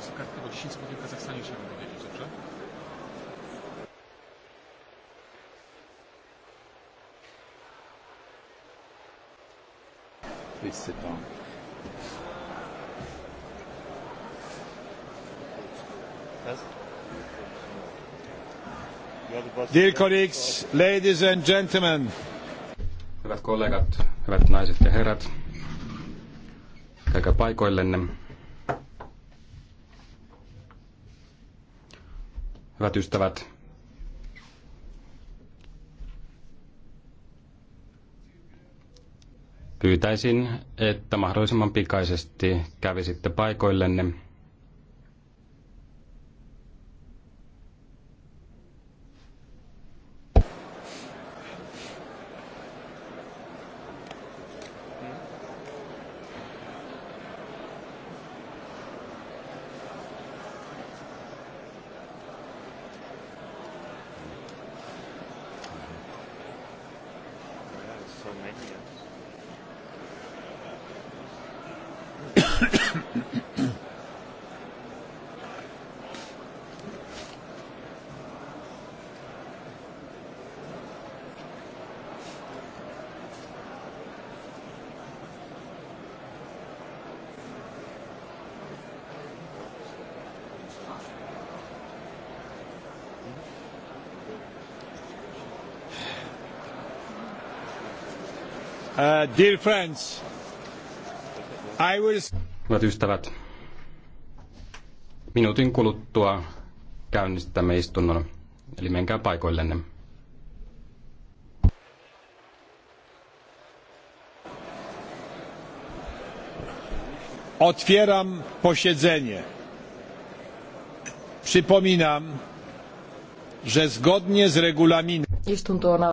Wysoka kartkę, bo 10 spotkań w Kazachstanie chciałbym powiedzieć, dobrze? Please sit down. Dear colleagues, ladies and gentlemen. Hyvät kollegat, hyvät naiset ja herrat, käykää paikoillenne. Hyvät ystävät, pyytäisin, että mahdollisimman pikaisesti kävisitte paikoillenne. Mm-hmm. Uh, dear friends, I will... Hyvät ystävät, minuutin kuluttua käynnistämme istunnon, eli menkää paikoillenne. Otwieram posiedzenie. Przypominam, że zgodnie z regulaminem... Istunto on